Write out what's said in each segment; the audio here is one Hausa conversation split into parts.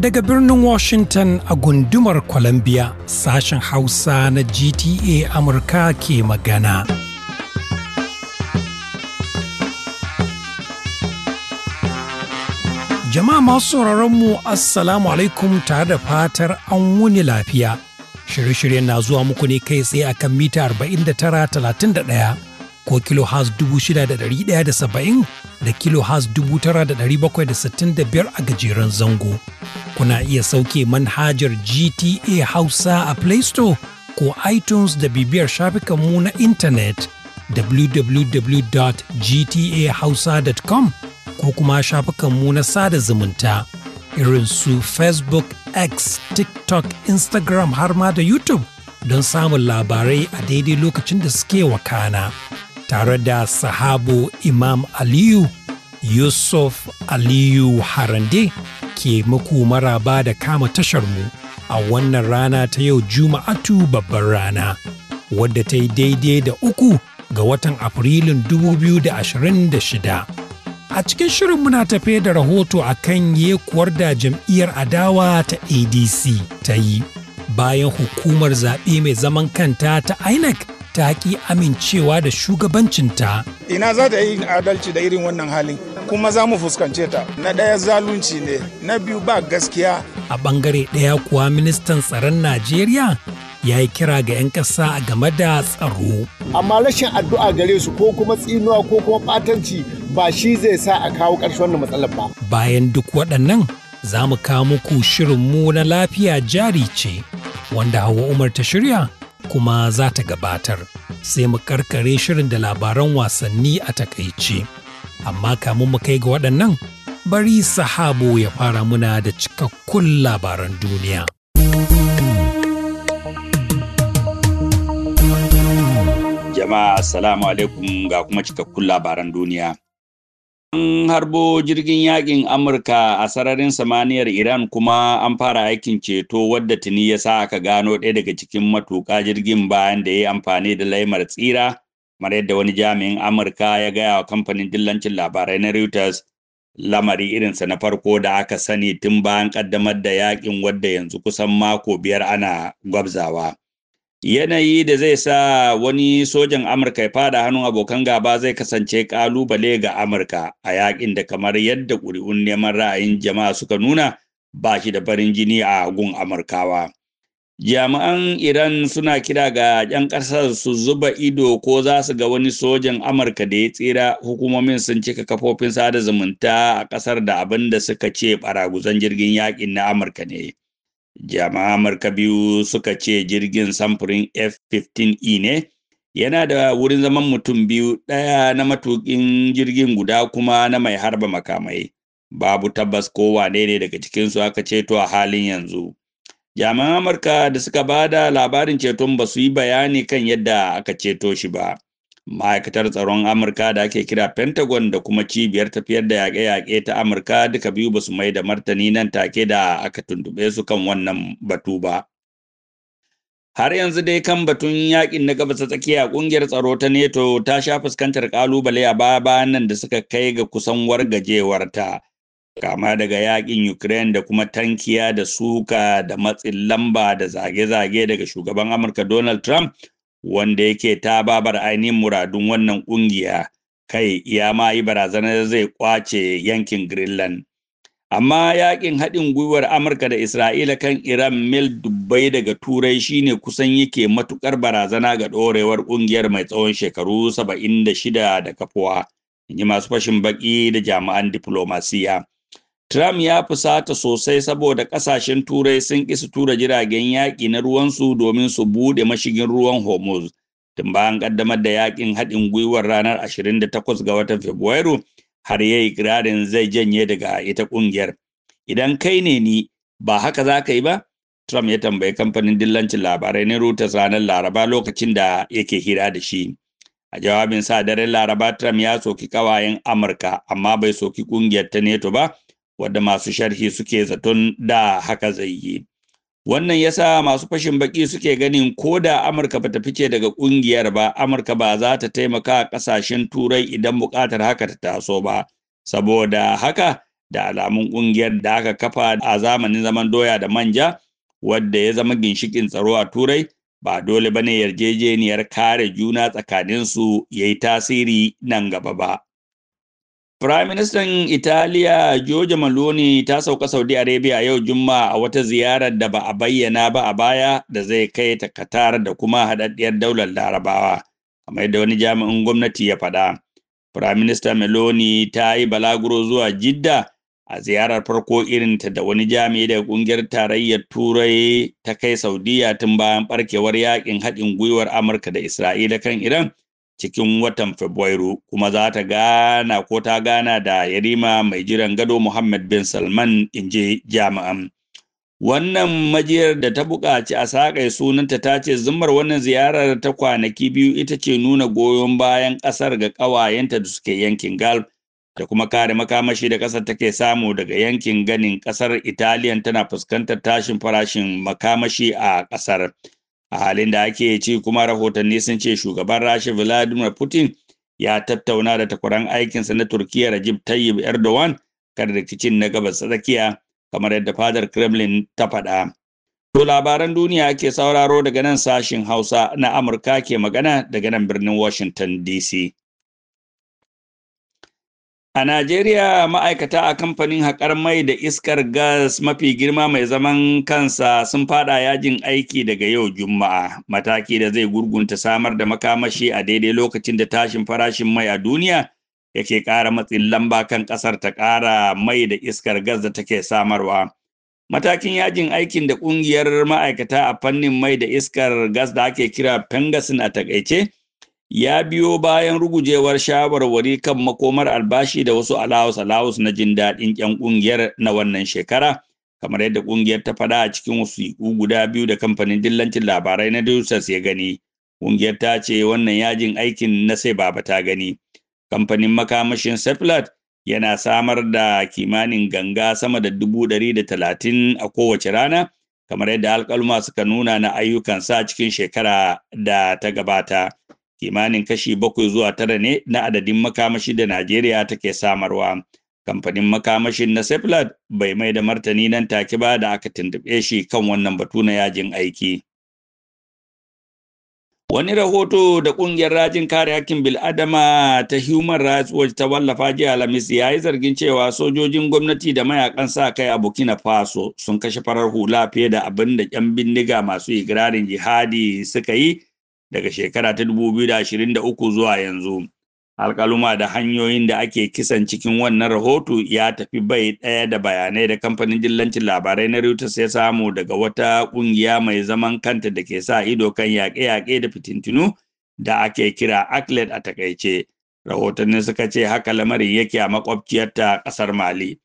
Daga birnin Washington a gundumar Columbia sashen Hausa na GTA Amurka ke magana. Jama'a masu mu Assalamu alaikum tare da fatar an wuni lafiya. Shirye-shiryen na zuwa muku ne kai tsaye a kan mita 49-31 ko kilo has 6,170 da dubu da da biyar a gajeren zango. Kuna iya sauke manhajar GTA Hausa a Play Store ko iTunes da bibiyar shafikanmu na intanet www.gtahausa.com ko kuma shafikanmu na sada zumunta irin su Facebook, X, TikTok, Instagram har ma da YouTube don samun labarai a daidai lokacin da suke wakana. tare da sahabu Imam Aliyu Yusuf Aliyu Harande ke muku maraba da kama tashar mu. a wannan rana ta yau Juma'atu babbar rana wadda ta yi daidai da uku ga watan Afrilun 2026. A cikin shirin muna tafe da rahoto a kan yekuwar da jam'iyyar adawa ta ADC ta yi bayan hukumar zaɓe mai zaman kanta ta INEC ta haƙi amincewa da shugabancinta. Ina za ta yi adalci da irin wannan halin kuma za mu fuskance ta. Na ɗaya zalunci ne, na biyu ba gaskiya. A ɓangare ɗaya kuwa ministan tsaron Najeriya ya yi kira ga 'yan ƙasa a game da tsaro. Amma rashin addu'a gare su ko kuma tsinuwa ko kuma ɓatanci ba shi zai sa a kawo ƙarshen wannan matsalar ba. Bayan duk waɗannan za mu kawo muku mu na lafiya jari ce wanda Hauwa Umar ta shirya kuma za ta gabatar sai mu karkare shirin da labaran wasanni a takaice amma kamun mu kai ga waɗannan bari sahabo ya fara muna da cikakkun labaran duniya jama'a assalamu alaikum ga kuma cikakkun labaran duniya An harbo jirgin yakin Amurka a sararin samaniyar Iran kuma an fara aikin ceto wadda tuni ya sa aka gano ɗaya daga cikin matuƙa jirgin bayan da ya yi amfani da laimar tsira, kamar yadda wani jami'in Amurka ya gaya wa kamfanin dillancin labarai na Reuters lamari irinsa na farko da aka sani tun bayan ƙaddamar da yakin wadda yanzu kusan mako biyar ana gwabzawa. Yanayi da zai sa wani sojan Amurka ya fada hannun abokan gaba zai kasance kalubale ga Amurka a yakin da kamar yadda ƙuri'un neman ra'ayin jama'a suka nuna ba shi da farin jini a gun Amurkawa. Jami'an Iran suna kira ga 'yan ƙasar su zuba ido ko za su ga wani sojan Amurka da ya tsira hukumomin sun cika kafofin sada zumunta a ƙasar da abin da suka ce ɓaraguzan jirgin yakin na Amurka ne. jama'a amurka biyu suka ce jirgin samfurin f-15e ne yana da wurin zaman mutum biyu ɗaya na matuƙin jirgin guda kuma na mai harba makamai babu tabbas ko wane ne daga cikinsu aka ceto a halin yanzu jami'an amurka da suka ba da labarin ceton ba su yi bayani kan yadda aka ceto shi ba ma'aikatar tsaron amurka da ake kira pentagon da kuma cibiyar tafiyar da yaƙe-yaƙe ta amurka duka biyu ba su mai da martani nan take da aka tuntuɓe su kan wannan batu ba har yanzu dai kan batun yakin na gabas tsakiya ƙungiyar tsaro ta neto ta sha fuskantar ƙalubale a baya bayan nan da suka kai ga kusan wargajewarta. ta kama daga yakin Ukraine da kuma tankiya da suka da matsin lamba da zage-zage daga shugaban Amurka Donald Trump wanda yake ta babar ainihin muradun wannan ƙungiya kai ya ma yi barazanar zai kwace yankin Greenland. Amma yakin haɗin gwiwar Amurka da Isra'ila kan Iran mil dubbai daga Turai shine kusan yake matukar barazana ga ɗorewar ƙungiyar mai tsawon shekaru 76 da kafuwa, inji masu fashin baƙi da jami'an diflomasiya. Trump ya fusata sosai saboda kasashen Turai sun ƙi su tura jiragen yaƙi na ruwansu domin su buɗe mashigin ruwan Hormuz. Tun bayan ƙaddamar da yaƙin haɗin gwiwar ranar 28 ga watan Fabrairu har yayi yi zai janye daga ita ƙungiyar. Idan kai ne ni ba haka za ka yi ba? Trump ya tambayi kamfanin dillancin labarai na Reuters ranar Laraba lokacin da yake hira da shi. A jawabin sa daren Laraba Trump ya soki ƙawayen Amurka amma bai soki ƙungiyar ta NATO ba. wadda masu sharhi suke zaton da haka zai yi. Wannan yasa masu fashin baki suke ganin ko da Amurka ba ta fice daga ƙungiyar ba, Amurka ba za ta taimaka ƙasashen Turai idan buƙatar haka ta taso ba, saboda haka da alamun ƙungiyar da aka kafa a zamanin zaman doya da manja, wadda ya zama ginshikin tsaro a Turai, ba dole bane yarjejeniyar kare juna tsakaninsu ya yi tasiri nan gaba ba. Firaministan Italiya Giorgio Maloni ta sauka Saudi Arabia yau Juma'a a wata ziyarar da ba a bayyana ba a baya da zai kai ta Qatar da kuma haɗaɗɗiyar daular Larabawa, kamar da wani jami'in gwamnati ya faɗa. Firaminista Maloney ta yi balaguro zuwa Jidda a ziyarar farko irinta da wani jami'i daga ƙungiyar tarayyar Turai ta kai Saudiya tun bayan ɓarkewar yaƙin haɗin gwiwar Amurka da Isra'ila kan Iran cikin watan Fabrairu kuma za ta gana ko ta gana da yarima mai jiran gado Muhammad bin Salman in je jami'an. Wannan majiyar da ta buƙaci a saƙai sunanta ta ce zumar wannan ziyarar ta kwanaki biyu ita ce nuna goyon bayan ƙasar ga ƙawayenta da suke yankin gal da kuma kare makamashi da ƙasar take samu daga yankin ganin ƙasar Italiyan tana fuskantar tashin farashin makamashi a ƙasar. a halin da ake ci kuma rahotanni sun ce shugaban rasha vladimir putin ya tattauna da takwaran aikinsa na turkiya rajib tayyib erdogan kan rikicin na gabas tsakiya kamar yadda fadar kremlin ta faɗa to labaran duniya ke sauraro daga nan sashin hausa na amurka ke magana daga nan birnin washington dc A Najeriya ma'aikata a kamfanin haƙar mai da iskar gas mafi girma mai zaman kansa sun faɗa yajin aiki daga yau Juma'a, mataki da zai gurgunta samar da makamashi a daidai lokacin da tashin farashin mai a duniya yake ƙara matsin lamba kan ƙasar ta ƙara mai da iskar gas da take samarwa. Matakin yajin aikin da ƙungiyar ma'aikata a fannin mai da iskar gas da ake kira Pengasin a taƙaice? ya biyo bayan rugujewar shawarwari kan makomar albashi da wasu alawus-alawus na jin daɗin ƴan ƙungiyar na wannan shekara kamar yadda ƙungiyar ta faɗa a cikin wasiƙu guda biyu da kamfanin dillancin labarai na Reuters ya gani ƙungiyar ta ce wannan yajin aikin na sai baba ta gani kamfanin makamashin seplat yana samar da kimanin ganga sama da dubu ɗari da talatin a kowace rana kamar yadda alƙaluma suka nuna na ayyukan sa cikin shekara da ta gabata. kimanin kashi bakwai zuwa tara ne na adadin makamashi da Najeriya take samarwa. Kamfanin makamashin na Seplat bai mai da martani nan take ba da aka tuntuɓe shi kan wannan batu na yajin aiki. Wani rahoto da ƙungiyar rajin kare hakkin bil'adama ta Human Rights Watch ta wallafa jiya Alhamis ya yi zargin cewa sojojin gwamnati da mayakan sa kai a Burkina Faso sun kashe farar hula fiye da abin da 'yan bindiga masu igirarin jihadi suka yi daga shekara ta dubu uku zuwa yanzu. Alƙaluma da hanyoyin da ake kisan cikin wannan rahoto ya tafi bai ɗaya da bayanai da kamfanin jillancin labarai na Reuters ya samu daga wata ƙungiya mai zaman kanta da ke sa ido kan yaƙe-yaƙe da fitintinu da ake kira Aklet a takaice. Rahotanni suka ce haka lamarin yake a makwabciyarta ƙasar Mali.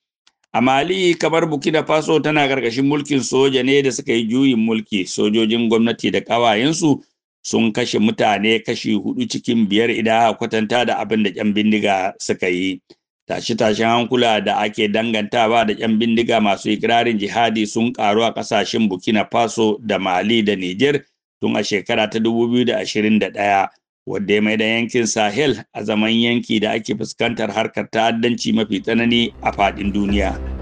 A Mali, kamar Burkina Faso tana ƙarƙashin mulkin soja ne da suka yi juyin mulki, sojojin gwamnati da ƙawayensu sun kashe mutane kashi hudu cikin biyar idan aka kwatanta da abin da ƴan bindiga suka yi tashe-tashen hankula da ake dangantawa da ƴan bindiga masu ikirarin jihadi sun ƙaru a ƙasashen burkina faso da mali da niger tun a shekara ta 2021 wadda ya mai da yankin sahel a zaman yanki da ake fuskantar harkar ta'addanci mafi tsanani a faɗin duniya.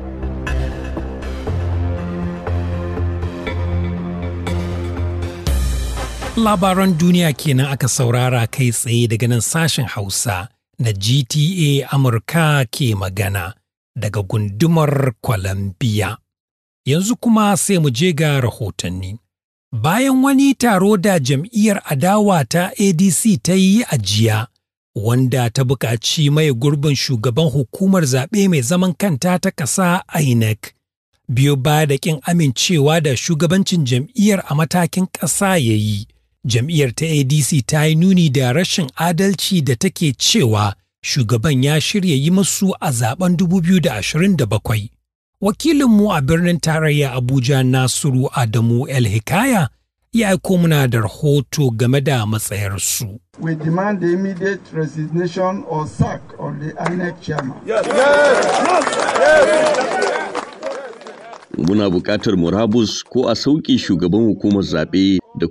Labaran duniya kenan aka saurara kai tsaye daga nan sashen Hausa na GTA Amurka ke magana daga gundumar Columbia. Yanzu kuma sai mu je ga rahotanni. Bayan wani taro da jam'iyyar adawa ta ADC ta yi a jiya, wanda ta buƙaci mai gurbin shugaban hukumar zaɓe mai zaman kanta ta ƙasa INEC. Biyo ba da ƙin amincewa da shugabancin jam'iyyar a matakin ƙasa ya yi, jam'iyyar ta adc ta yi nuni da rashin adalci da take cewa shugaban ya shirya yi masu a zaben 2027 wakilinmu a birnin tarayya abuja nasiru adamu el hikaya ya aiko muna da rahoto game da matsayarsu. We demand the immediate resignation or sack of the annex chairman. Muna buƙatar murabus ko a sauƙi shugaban hukumar zaɓe da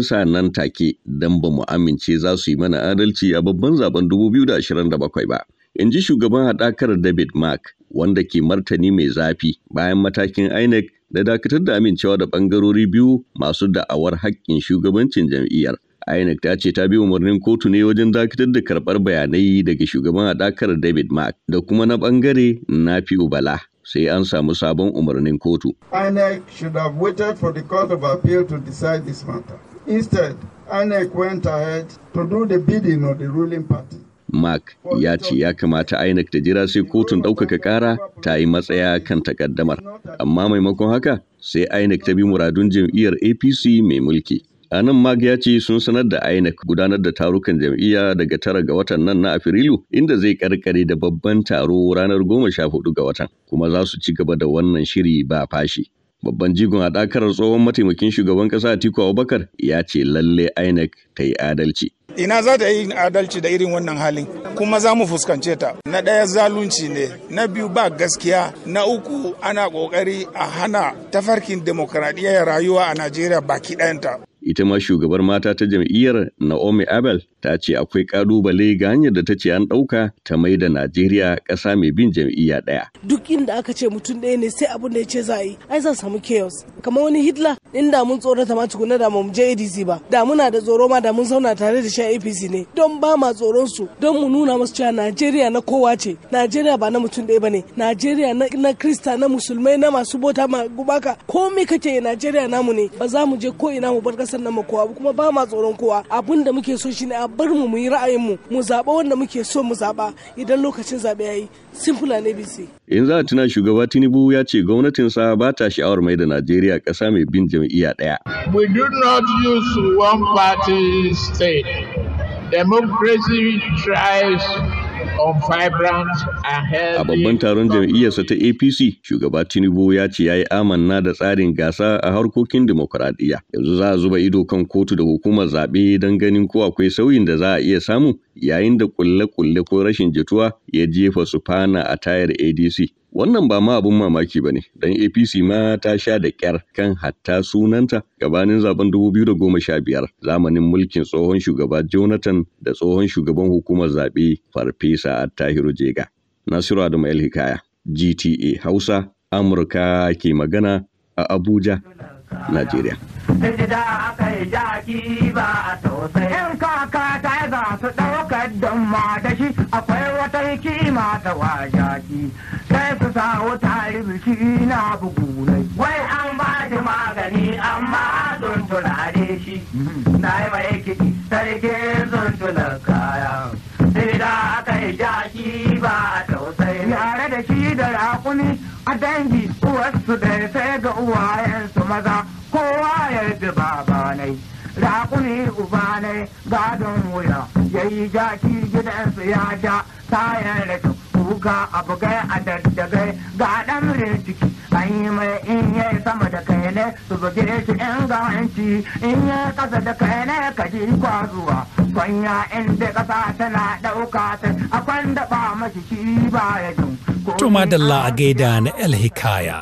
sa nan take don ba mu amince za su yi mana adalci a babban zaben 2027 ba. In ji shugaban haɗakar David Mark wanda ke martani mai zafi bayan matakin INEC da dakatar da amincewa da ɓangarori biyu masu da'awar haƙƙin shugabancin jam'iyyar. INEC ta ce ta bi umarnin kotu ne wajen dakatar da karɓar bayanai daga shugaban haɗakar David Mark da kuma na ɓangare fi Ubala sai an samu sabon umarnin kotu. INEC should have waited for the Court of Appeal to decide this matter. Instead, INEC went ahead to do the bidding of the ruling party. Mark ya ce ya kamata INEC ta jira sai kotun ɗaukaka ƙara ta yi matsaya kan takaddamar, amma maimakon haka sai INEC ta bi muradun jam'iyyar APC mai mulki. A nan Mag ya ce sun sanar da INEC gudanar da tarukan jam'iyya daga tara ga watan nan na Afrilu inda zai karkare da babban taro ranar goma sha hudu ga watan kuma za su ci gaba da wannan shiri ba fashi. Babban jigon haɗakar tsohon mataimakin shugaban ƙasa Atiku Abubakar ya ce lalle INEC ta yi adalci. Ina za ta yi adalci da irin wannan halin kuma za mu fuskance ta. Na ɗaya zalunci ne, na biyu ba gaskiya, na uku ana ƙoƙari a hana tafarkin demokaradiyya rayuwa a Najeriya baki ɗayanta. ita ma shugabar mata ta jam'iyyar Naomi Abel ta ce akwai kalubale ga hanyar da ta ce an ɗauka ta mai da Najeriya kasa mai bin jam'iyya ɗaya. Duk inda aka ce mutum ɗaya ne sai abin da ya ce za a yi, ai zan samu chaos. Kamar wani Hitler da mun tsoro tsorata matuku na da mu je ADC ba, da muna da tsoro ma da mun zauna tare da shi APC ne, don ba ma tsoron su, don mu nuna musu cewa Najeriya na kowa ce, Najeriya ba na mutum ɗaya ba ne, Najeriya na Krista na Musulmai na masu bota ma gubaka, ko me kake Najeriya namu ne, ba za mu je ko ina mu bar ƙasa sannan mu kowa kuma ba ma tsoron kowa abin da muke so shine a bar mu muyi ra'ayin mu mu zaɓa wanda muke so mu zaɓa idan lokacin zaɓe yayi simple ne bisi in za a tuna shugaba tinubu ya ce gwamnatinsa ba ta sha'awar mai da najeriya ƙasa mai bin jam'iyya ɗaya we do not use one party state democracy tries A babban taron jam'iyyarsa ta APC, shugaba Tinubu ya ce ya yi amanna da tsarin gasa a harkokin demokuraɗiyya. Yanzu za a zuba ido kan kotu da hukumar zaɓe don ganin ko akwai sauyin da za a iya samu yayin da kulle-kulle ko rashin jituwa ya jefa su fana a tayar ADC. Wannan ba ma abun mamaki ba ne, don APC ma ta sha da kyar kan hatta sunanta gabanin zaben 2015 zamanin mulkin tsohon shugaba Jonathan da tsohon shugaban hukumar zaɓe Farfesa Tahiru Jega. Nasiru Adamu Hikaya, GTA Hausa, Amurka ke magana a Abuja, Najeriya. mata ta wajaki sai ku sa shi na bugu ne. Wai an ba shi magani amma sun tunare shi. Mm-hmm. Na yi mai kiɗi sarki sun kaya. Sai da aka yi jaki ba tausayi. Yare da shi da rakuni a dangi uwarsu da sai ga uwayensu maza kowa ya ji babanai. Rakuni ubanai gadon wuya yayi jaki gidansu ya ja kayan da tuka abu gai a daddagai ga dan ciki an yi mai in ya sama da kai ne su buge shi in gawanci in ya kasa da kai ne ka ji kwazuwa kwanya in da kasa tana dauka ta akwai da ba mashi shi ba ya jin to madalla a gaida na el hikaya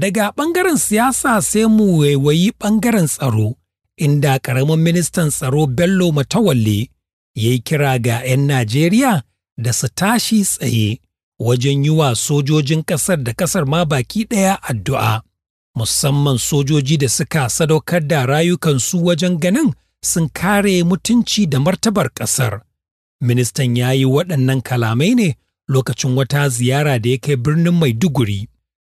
daga bangaren siyasa sai mu waiwayi bangaren tsaro inda karamin ministan tsaro bello matawalle ya yi kira ga 'yan najeriya da su tashi tsaye wajen yi wa sojojin ƙasar da ƙasar ma baki ɗaya addu'a, musamman sojoji da suka sadaukar da rayukansu wajen ganin sun kare mutunci da martabar ƙasar. Ministan ya yi waɗannan kalamai ne lokacin wata ziyara da ya kai birnin Maiduguri.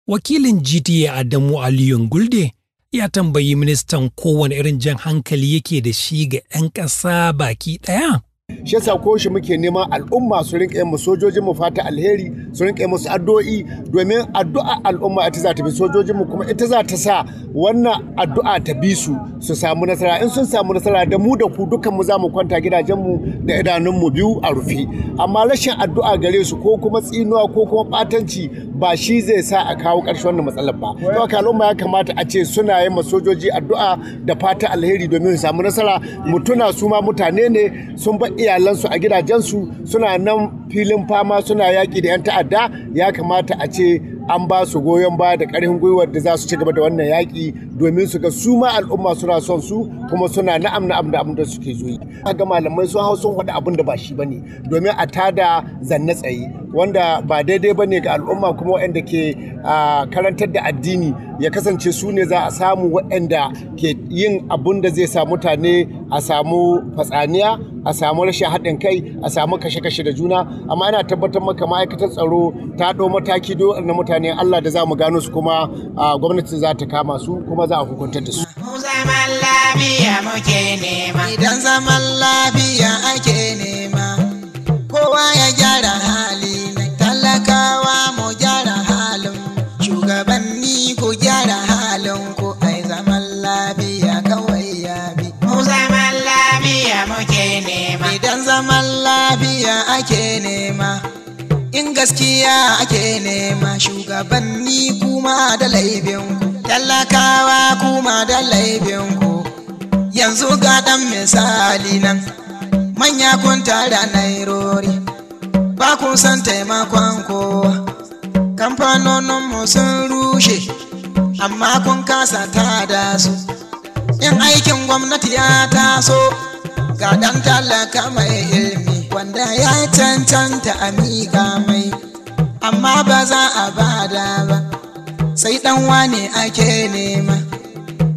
Wakilin GTA Adamu Aliyun Gulde ya tambayi ministan kowane irin jan hankali yake da shi ga 'yan ƙasa baki ɗaya. shi yasa ko muke neman al'umma su rinka yin sojojin mu fata alheri su rinka yin musu addu'o'i domin addu'a al'umma ita za ta bi sojojin mu kuma ita za ta sa wannan addu'a ta bi su su samu nasara in sun samu nasara da mu da ku dukkan mu za mu kwanta gidajen mu da idanun mu biyu a rufe amma rashin addu'a gare su ko kuma tsinuwa ko kuma batanci ba shi zai sa a kawo ƙarshen wannan matsalar ba to al'umma ya kamata a ce suna yin sojoji addu'a da fata alheri domin su samu nasara mutuna su ma mutane ne sun ba iyalansu a gidajensu suna nan filin fama suna yaƙi da 'yan ta'adda ya kamata a ce an ba su goyon baya da ƙarfin gwiwar da za su ci gaba da wannan yaƙi domin su ga su ma al'umma suna son su kuma suna na'am na'am da abin da suke zo ga malamai sun hau sun faɗi abin da ba shi bane domin a tada zanne tsaye wanda ba daidai bane ga al'umma kuma waɗanda ke karantar da addini ya kasance su ne za a samu waɗanda ke yin abin da zai sa mutane a samu fatsaniya a samu rashin haɗin kai a samu kashe-kashe da juna amma ina tabbatar maka ma'aikatar tsaro ta ɗau mataki na mutane Allah da za mu gano su kuma gwamnati za ta kama su kuma za a hukunta da su. Mu zaman lafiya muke nema. Idan zaman lafiya ake nema kowa ya gyara hali lafiya ake nema in gaskiya ake nema shugabanni kuma da ku talakawa kuma da laifin ku yanzu ga dan misali nan manya kun tara nairori ba kun san taimakon kowa kamfanoninmu sun rushe amma kun kasa tada su in aikin gwamnati ya taso ga dan talaka mai ilmi wanda ya cancanta a miƙa mai amma ba za a bada ba sai ɗan wane ake nema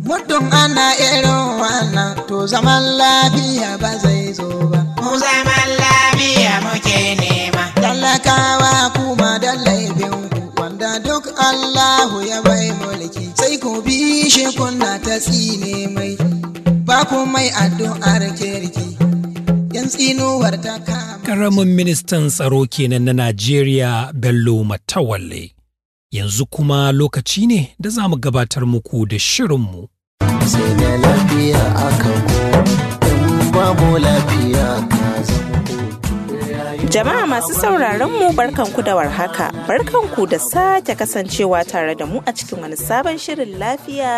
muddin ana irin wannan to zaman lafiya ba zai zo ba mu zaman lafiya muke nema talakawa kuma da laifinku wanda duk allahu ya bai mulki sai ku bi shi kunna ta tsine mai ba ku mai addu'ar kirki idan Karamin ministan tsaro kenan na Najeriya Bello Matawalle. Yanzu kuma lokaci ne da za mu gabatar muku da shirinmu. Sai da lafiya aka babu lafiya Jama'a masu sauraron mu barkanku da warhaka, barkanku da sake kasancewa tare da mu a cikin wani sabon shirin lafiya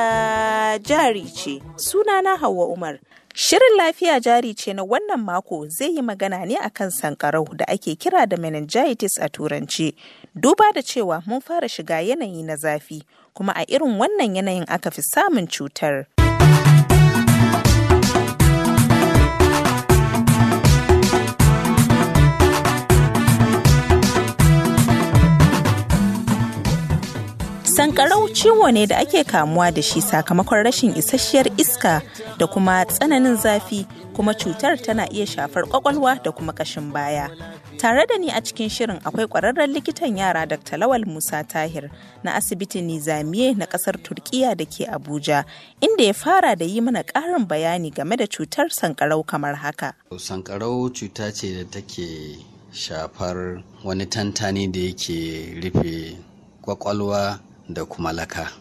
jari ce. Sunana Hauwa Umar. Shirin lafiya jari ce na wannan mako zai yi magana ne akan sankarau da ake kira da meningitis a turanci. Duba da cewa mun fara shiga yanayi na zafi, kuma a irin wannan yanayin aka fi samun cutar. sankarau ciwo ne da ake kamuwa da shi sakamakon rashin isasshiyar iska da kuma tsananin zafi kuma cutar tana iya shafar kwakwalwa da kuma kashin baya tare da ni a cikin shirin akwai kwararren likitan yara dr lawal musa tahir na asibitin nizamiye na kasar turkiya da ke abuja inda ya fara da yi mana karin bayani game da cutar sankarau kamar haka sankarau cuta ce da take shafar wani tantani da yake rufe kwakwalwa da kuma laka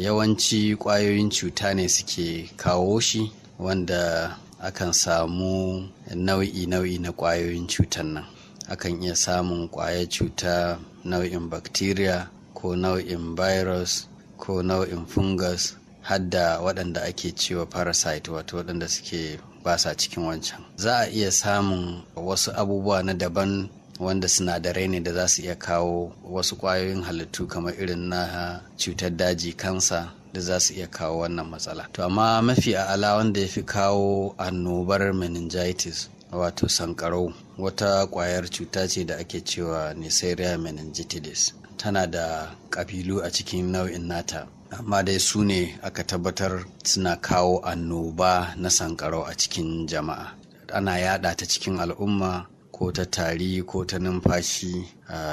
yawanci ƙwayoyin cuta ne suke kawo shi wanda akan samu nau'i-nau'i na ƙwayoyin cutan nan akan iya samun ƙwayar cuta nau'in bacteria ko nau'in virus ko nau'in fungus hadda waɗanda ake cewa parasite wato waɗanda suke basa cikin wancan za a iya samun wasu abubuwa na daban wanda sinadarai ne da za su iya kawo wasu kwayoyin halittu kamar irin na cutar daji kansa da za su iya kawo wannan matsala to amma mafi a'ala wanda ya fi kawo annobar meningitis wato sankarau wata kwayar cuta ce da ake cewa neisseria meningitidis tana da kabilu a cikin nau'in nata amma dai su ne aka tabbatar suna kawo annoba na sankarau a cikin jama'a ana yada ta cikin al'umma ko ta tari ko ta numfashi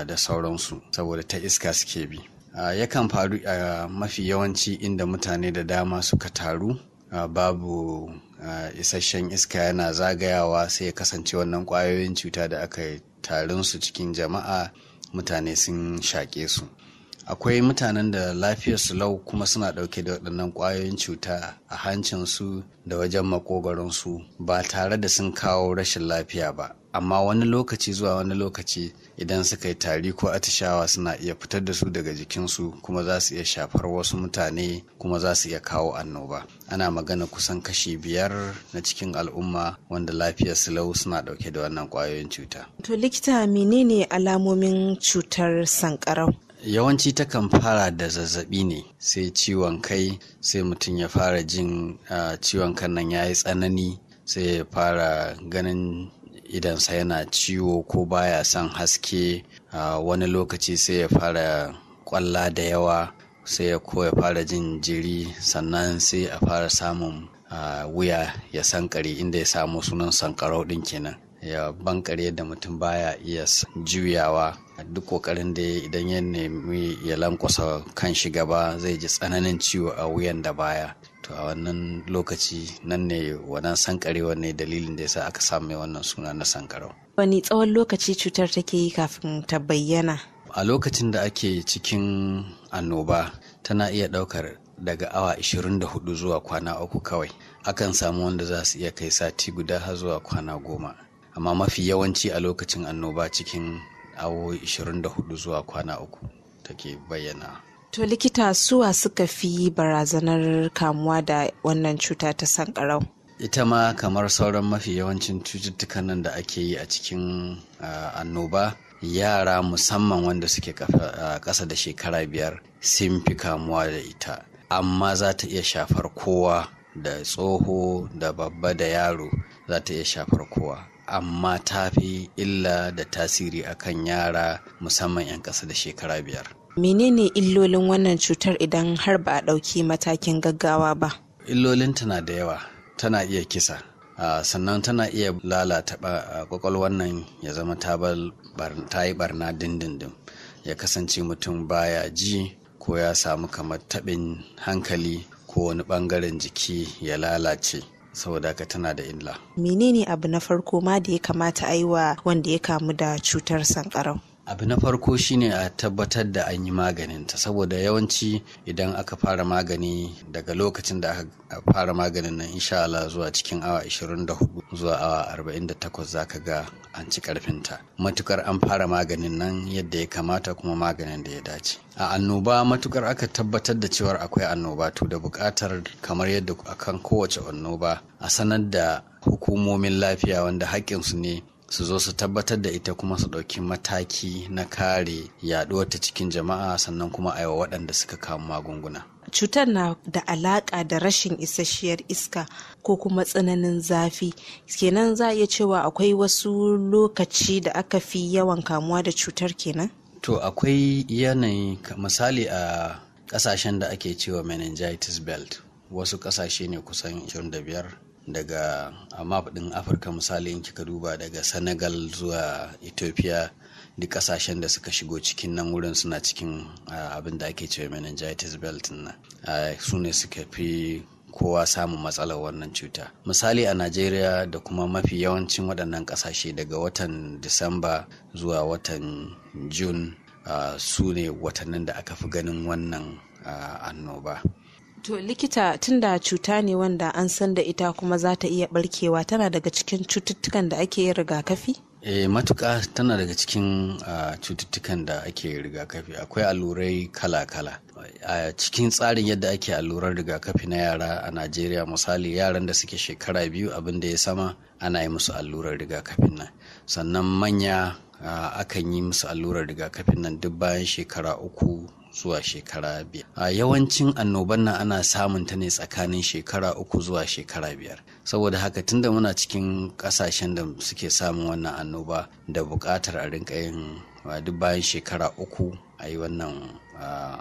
da sauransu saboda ta iska suke bi yakan faru a mafi yawanci inda mutane da dama suka taru babu isasshen iska yana zagayawa sai ya kasance wannan kwayoyin cuta da aka tarin su cikin jama'a mutane sun shaƙe su akwai mutanen da lafiyarsu lau kuma suna ɗauke da waɗannan ƙwayoyin cuta a hancinsu da wajen makogaronsu ba tare da sun kawo rashin lafiya ba amma wani lokaci zuwa wani lokaci idan suka yi tari ko atishawa suna iya fitar da su daga jikinsu kuma za su iya shafar wasu mutane kuma za su iya kawo annoba ana magana kusan kashi biyar na cikin al'umma wanda lafiyar silau suna dauke da wannan kwayoyin cuta to likita menene alamomin cutar sankarau yawanci takan fara da zazzabi ne sai ciwon kai sai mutum ya fara jin ah, ciwon kan nan ya yi tsanani sai ya fara ganin idansa yana ciwo ko baya son haske wani lokaci sai ya fara kwalla da yawa sai ya ko ya fara jin jiri sannan sai a fara samun wuya ya sankare inda ya samu sunan sankarau din kenan ya bankare da mutum baya iya juyawa duk kokarin da ya idan ya nemi ya lankwasa kan shi gaba zai ji tsananin ciwo a wuyan da baya to a wannan lokaci nan ne wannan sankarewa ne dalilin da ya sa aka samu wannan suna na sankarau wani tsawon lokaci cutar take yi kafin ta bayyana a lokacin da ake cikin annoba tana iya ɗaukar daga awa 24 zuwa kwana uku kawai akan samu wanda za su iya kai sati guda har zuwa kwana goma amma mafi yawanci a lokacin annoba cikin awo 24 zuwa kwana uku take bayyana To likita suwa suka fi barazanar kamuwa da wannan cuta ta sankarau? Ita ma kamar sauran mafi yawancin cututtukan nan da ake yi a cikin annoba yara musamman wanda suke ƙasa da shekara biyar sun fi kamuwa da ita amma za ta iya shafar kowa da tsoho da babba da yaro za ta iya shafar kowa amma ta fi illa da tasiri akan yara musamman 'yan ƙasa da shekara biyar. Menene illolin wannan cutar idan har ba a ɗauki matakin gaggawa ba? illolin tana da yawa, tana iya kisa. Uh, sannan tana iya lalata uh, ah, wannan ya zama ta yi barna dindindin ya kasance mutum baya ji ko ya samu kamar taɓin hankali ko wani ɓangaren jiki ya lalace saboda ka tana da illa. menene abu na farko ma da ya kamata a wanda ya kamu da cutar sankarau abu na farko shine a tabbatar da an yi maganin ta saboda yawanci idan aka fara magani daga lokacin da aka fara maganin nan insha Allah zuwa cikin awa 24 zuwa awa 48 zaka ga an ci ta matukar an fara maganin nan yadda ya kamata kuma maganin da ya dace a annoba matukar aka tabbatar da cewar akwai annoba to da buƙatar kamar yadda akan kowace annoba a sanar da hukumomin lafiya wanda haƙƙinsu ne su zo su tabbatar da ita kuma su ɗauki mataki na kare yaɗuwar ta cikin jama'a sannan kuma a yawa waɗanda suka kamu magunguna. Cutar na da alaƙa da rashin isasshiyar iska ko kuma tsananin zafi. Kenan za a iya cewa akwai wasu lokaci da aka fi yawan kamuwa da cutar kenan? To akwai yanayi misali a ƙasashen da ake cewa meningitis belt wasu ƙasashe ne kusan 25 daga a map din afirka misali in kika duba daga senegal zuwa ethiopia duk kasashen da suka shigo cikin nan wurin suna cikin abin da ake cewa meningitis belt na su ne suka fi kowa samun matsalar wannan cuta misali a najeriya da kuma mafi yawancin waɗannan ƙasashe daga watan disamba zuwa watan june su ne watannin da aka fi ganin wannan annoba To likita tunda cuta ne wanda an san da ita kuma za ta iya barkewa tana daga cikin cututtukan da ake yin rigakafi? E, matuka tana daga cikin uh, cututtukan da ake rigakafi akwai allurai kala-kala a cikin tsarin yadda ake allurar rigakafi na yara a najeriya misali yaran da suke shekara biyu abin da ya sama ana yi musu allurar rigakafin nan sannan manya uh, akan yi musu allurar rigakafin nan duk bayan shekara uku zuwa shekara biyar a yawancin annoban nan ana samun ta ne tsakanin shekara uku zuwa shekara biyar saboda haka tunda muna cikin kasashen da suke samun wannan annoba da buƙatar a rinka yin duk bayan shekara uku a yi wannan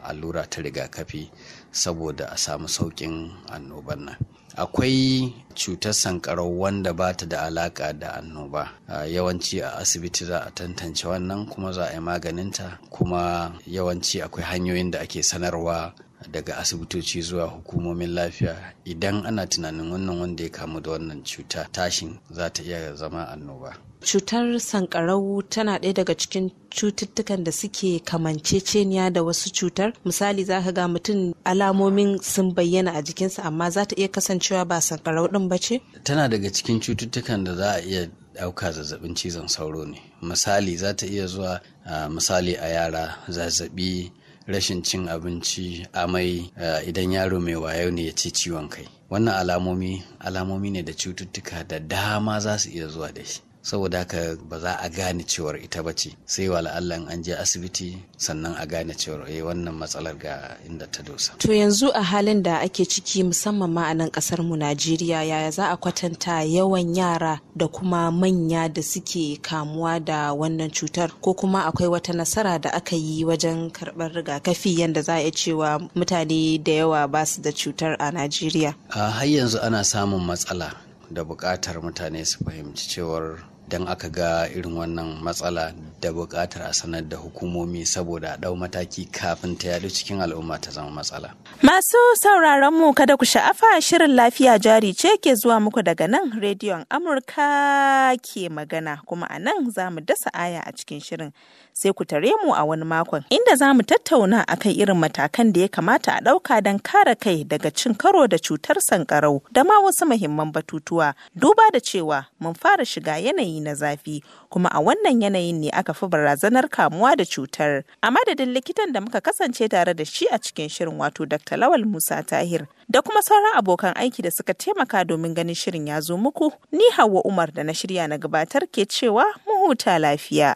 allura ta rigakafi saboda a samu sauƙin annoban nan akwai cutar sankarau wanda ba ta da alaka da annoba yawanci a asibiti za a tantance wannan kuma za a yi maganinta kuma yawanci akwai hanyoyin da ake sanarwa daga asibitoci zuwa hukumomin lafiya idan ana tunanin wannan wanda ya kamu da wannan cuta tashin za ta iya zama annoba. Cutar sankarau tana ɗaya daga cikin cututtukan da suke kamanceceniya da wasu cutar misali za ka ga mutum alamomin sun bayyana a jikinsa amma za ta iya kasancewa ba sankarau ɗin ba ce? Tana daga cikin cututtukan da za a iya ɗauka zazzabin cizon sauro ne misali za ta iya zuwa ah, misali a yara zazzabi rashin cin abinci amai eh, idan yaro mai wayo ne ya ce ciwon kai wannan alamomi alamomi ne da cututtuka da dama za su iya zuwa da shi saboda haka ba za a gane cewar ita ba ce sai wa la'allan an je asibiti sannan a gane cewar eh wannan matsalar ga inda ta dosa to yanzu a halin da ake ciki musamman ma a nan kasar mu Najeriya yaya za a kwatanta yawan yara da kuma manya da suke kamuwa da wannan cutar ko kuma akwai wata nasara da aka yi wajen karɓar rigakafi yadda za a iya cewa mutane da yawa ba su da cutar a Najeriya A har yanzu ana samun matsala da buƙatar mutane su fahimci cewar don aka ga irin wannan matsala da buƙatar a sanar da hukumomi saboda a ɗau mataki kafin ta yaɗu cikin al'umma ta zama matsala. Masu sauraron mu kada ku sha'afa shirin lafiya jari ce ke zuwa muku daga nan rediyon Amurka ke magana kuma a nan za mu dasa aya a cikin shirin sai ku tare mu a wani makon inda za mu tattauna akan irin matakan da ya kamata a ɗauka don kare kai daga cin karo da cutar sankarau da ma wasu muhimman batutuwa duba da cewa mun fara shiga yanayi na zafi kuma a wannan yanayin ne aka fi barazanar kamuwa da cutar a madadin likitan da muka kasance tare da shi a cikin shirin wato dr lawal musa tahir da kuma sauran abokan aiki da suka taimaka domin ganin shirin ya zo muku ni hawa umar da na shirya na gabatar ke cewa mu huta lafiya.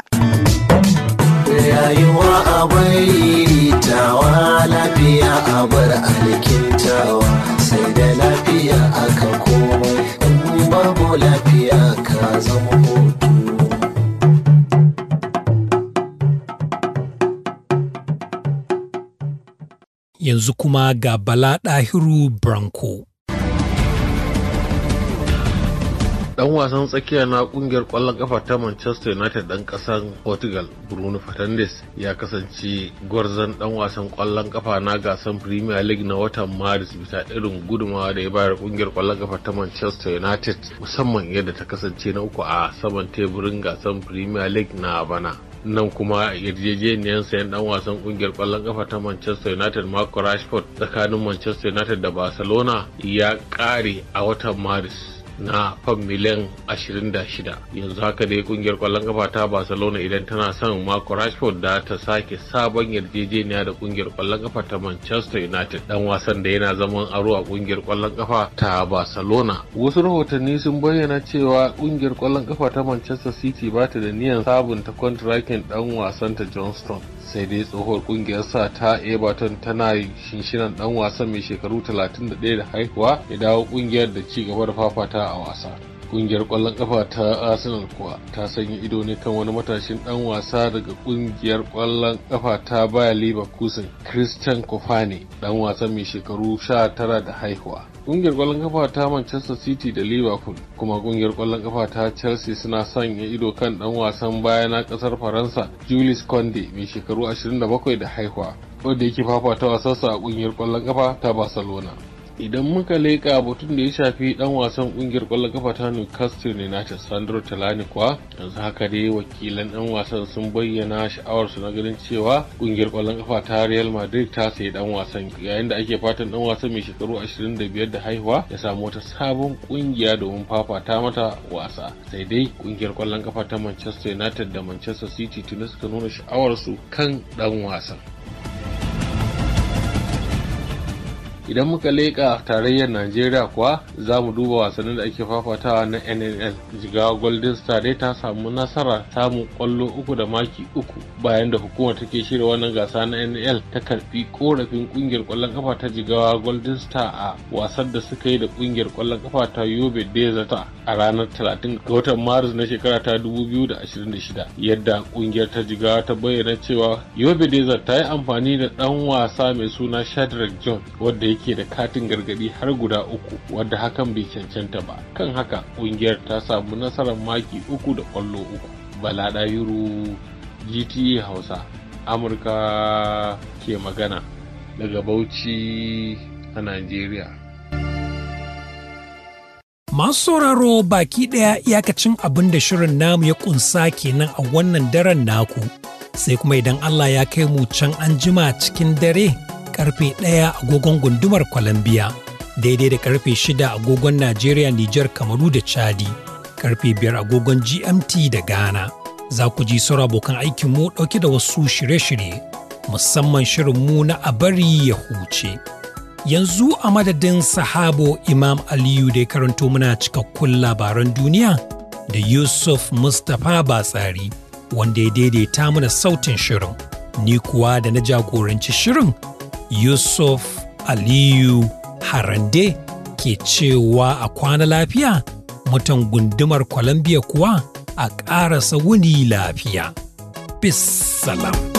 rayuwa abar tawa lafiya a bar alkintawa sai da lafiya aka komai in babu lafiya Um yanzu kuma ga bala ɗahiru branko dan wasan tsakiya na kungiyar kwallon kafa ta Manchester United dan kasan Portugal Bruno Fernandes ya kasance gwarzon dan wasan kwallon kafa na gasar Premier League na watan Maris bisa irin gudumawa da ya bayar kungiyar kwallon kafa ta Manchester United musamman yadda ta kasance na uku a saman teburin gasar Premier League na bana. nan kuma yarjejeniyar sayan dan wasan kungiyar kwallon kafa ta Manchester United Marco Rashford tsakanin Manchester United da Barcelona ya kare a watan Maris. na fam miliyan 26 yanzu haka dai kungiyar kwallon kafa ta barcelona idan tana son marco rashford da ta sake sabon yarjejeniya da kungiyar kwallon kafa ta manchester united dan wasan da yana zaman aro a kungiyar kwallon kafa ta barcelona wasu rahotanni sun bayyana cewa kungiyar kwallon kafa ta manchester city ba ta da niyan sabunta kontrakin dan wasan ta johnston sai dai tsohuwar kungiyarsa ta everton tana shinshinan dan wasan mai shekaru 31 da haihuwa ya dawo kungiyar da ci gaba da fafata a wasa kungiyar kwallon kafa ta arsenal kuwa ta sanya ido ne kan wani matashin dan wasa daga kungiyar kwallon kafa ta baya leverkusen christian kofani dan wasan mai shekaru 19 da haihuwa kungiyar kwallon kafa ta manchester city da liverpool kuma kungiyar kwallon kafa ta chelsea suna sanya ido kan dan wasan baya na kasar faransa julius conde mai shekaru 27 da haihuwa wanda yake fafata wasarsa a kungiyar kwallon kafa ta barcelona idan muka leƙa batun da ya shafi dan wasan kungiyar kwallon kafa ta Newcastle United Sandro Talani kuwa yanzu haka dai wakilan dan wasan sun bayyana sha'awar su na ganin cewa kungiyar kwallon kafa ta Real Madrid ta sayi dan wasan yayin da ake fatan dan wasan mai shekaru 25 da haihuwa ya samu wata sabon kungiya domin fafata mata wasa sai dai kungiyar kwallon kafa ta Manchester United da Manchester City tuni suka nuna sha'awar su kan dan wasan idan muka leƙa tarayyar najeriya kuwa za mu duba wasannin da ake fafatawa na nnl jigawa golden star dai ta samu nasara samun kwallo uku da maki uku bayan da hukumar take shirya wannan gasa na nnl ta karbi korafin kungiyar kwallon kafa ta jigawa golden star a wasan da suka yi da kungiyar kwallon kafa ta yobe desert a ranar 30 ga watan maris na shekara ta 2026 yadda kungiyar ta jigawa ta bayyana cewa yobe desert ta yi amfani da dan wasa mai suna shadrack john wadda yake da katin gargadi har guda uku wadda hakan bai cancanta ba kan haka kungiyar ta samu nasarar maki uku da kwallo uku bala yuru gta hausa amurka ke magana daga bauchi a nigeria. Masu sauraro baki daya iyakacin abin da shirin namu ya ƙunsa kenan a wannan daren naku, sai kuma idan Allah ya kai mu can anjima cikin dare karfe ɗaya agogon gundumar Columbia, daidai da karfe shida agogon Najeriya, Nijar, Kamaru da Chadi, karfe biyar agogon GMT da Ghana. Za ku ji sauran abokan aikin mu ɗauke da wasu shirye-shirye, musamman shirin mu na a bari ya huce. Yanzu a madadin sahabo Imam Aliyu da ya karanto muna cikakkun labaran duniya da Yusuf Mustapha Batsari wanda ya daidaita mana sautin shirin. Ni kuwa da na jagoranci shirin yusuf aliyu harande ke cewa a kwana lafiya mutan gundumar columbia kuwa a ƙarasa wuni lafiya bis salam